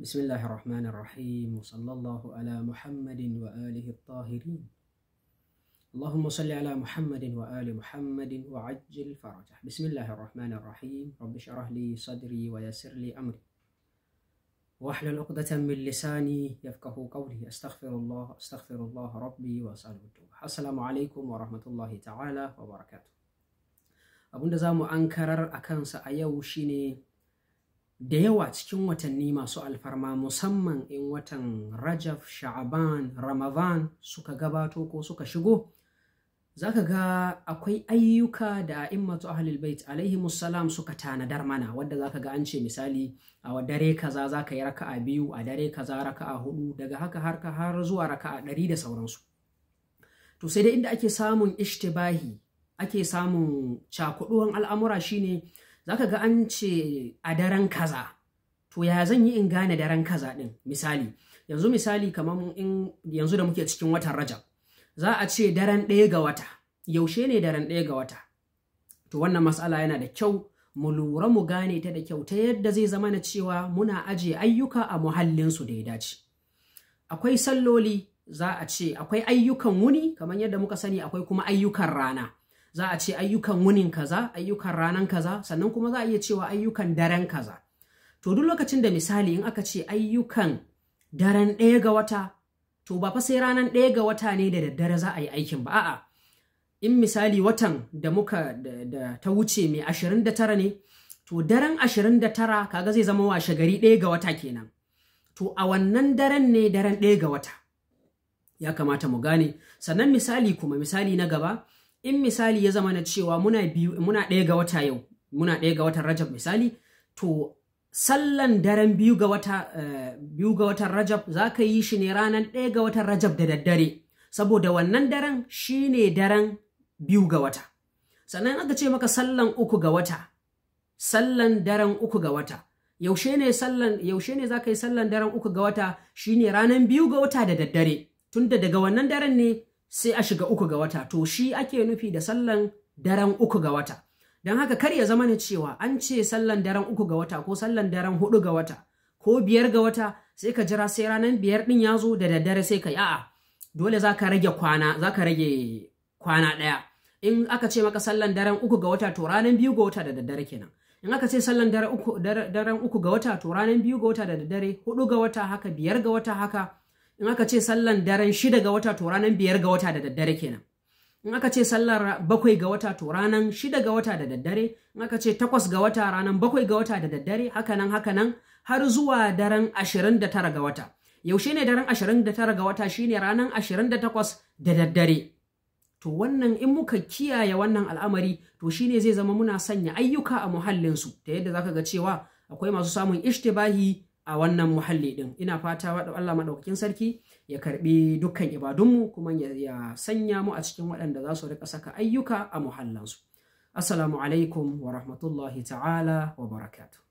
بسم الله الرحمن الرحيم وصلى الله على محمد وآله الطاهرين اللهم صل على محمد وآل محمد وعجل فرجه بسم الله الرحمن الرحيم رب اشرح لي صدري ويسر لي أمري واحلل عقدة من لساني يفقه قولي استغفر الله استغفر الله ربي واسأله التوبة السلام عليكم ورحمة الله تعالى وبركاته أبو نزام أنكرر أكان أيوشيني da yawa cikin watanni masu alfarma musamman in watan rajab sha'aban ramadan suka gabato ko suka shigo zaka ga akwai ayyuka da a'immatu ahlul bait alaihi musallam suka tanadar mana wanda zaka ga an ce misali a dare kaza zaka yi raka'a biyu a dare kaza raka'a hudu daga haka har ka har zuwa raka'a ɗari da sauransu to sai da inda ake samun ishtibahi ake samun cakuɗuwan al'amura shine za ka ga an ce a daren kaza to ya zan yi in gane daren kaza din misali yanzu misali kamar in yanzu da muke cikin watan rajab za a ce daren ɗaya ga wata yaushe ne daren ɗaya ga wata to wannan matsala yana da kyau mu lura mu gane ta da kyau ta yadda zai zama na cewa muna aje ayyuka a muhallinsu da ya dace akwai salloli za a ce akwai ayyukan wuni kamar yadda muka sani akwai kuma ayyukan rana za a ce ayyukan wunin kaza ayyukan ranan kaza sannan kuma za a iya cewa ayyukan daren kaza to duk lokacin da misali in aka ce ayyukan daren ɗaya ga wata to ba fa sai ranan ɗaya ga wata ne da daddare za a yi aikin ba a'a in misali watan da muka da, ta wuce mai ashirin da tara ne to daren ashirin da tara kaga zai zama washe gari ɗaya ga wata kenan to a wannan daren ne daren ɗaya ga wata ya kamata mu gane sannan misali kuma misali na gaba in misali ya zama na cewa muna biyu muna ɗaya ga wata yau muna ɗaya ga watan rajab misali to sallan daren biyu ga wata eh, biyu ga watan rajab za ka yi shi ne ranar ɗaya ga watan rajab da daddare saboda wannan daren shi ne daren biyu ga wata sannan aka ce maka sallan uku ga wata sallan daren uku ga wata yaushe ne sallan yaushe ne za ka yi sallan daren uku ga wata shi ne ranar biyu ga wata da daddare tunda daga wannan daren ne sai a shiga uku ga wata to shi ake nufi da sallan daren uku ga wata don haka kar ya zama ne cewa an ce sallan daren uku ga wata ko sallan daren hudu ga wata ko biyar ga wata sai ka jira sai ranar biyar din ya zo da daddare sai ka yi a'a dole za ka rage kwana za ka rage kwana ɗaya in aka ce maka sallan daren uku ga wata to ranar biyu ga wata da daddare kenan in aka ce sallan daren uku ga wata to ranar biyu ga wata da daddare hudu ga wata haka biyar ga wata haka in aka ce sallan daren shida ga wata to ranar biyar ga wata da daddare kenan in aka ce sallar bakwai ga wata to ranar shida ga wata da daddare in aka ce takwas ga wata ranar bakwai ga wata da daddare hakanan hakanan har zuwa daren ashirin da tara ga wata yaushe ne daren ashirin da tara ga wata shine ranar ashirin da takwas da daddare to wannan in muka kiyaye wannan al'amari to shine zai zama muna sanya ayyuka a muhallinsu ta yadda zaka ga cewa akwai masu samun ishtibahi a wannan muhalli din ina fata Allah maɗaukakin sarki ya karbi dukkan ibadunmu kuma ya sanya mu a cikin waɗanda za su rika saka ayyuka a muhallansu assalamu alaikum wa rahmatullahi ta'ala wa barakatuh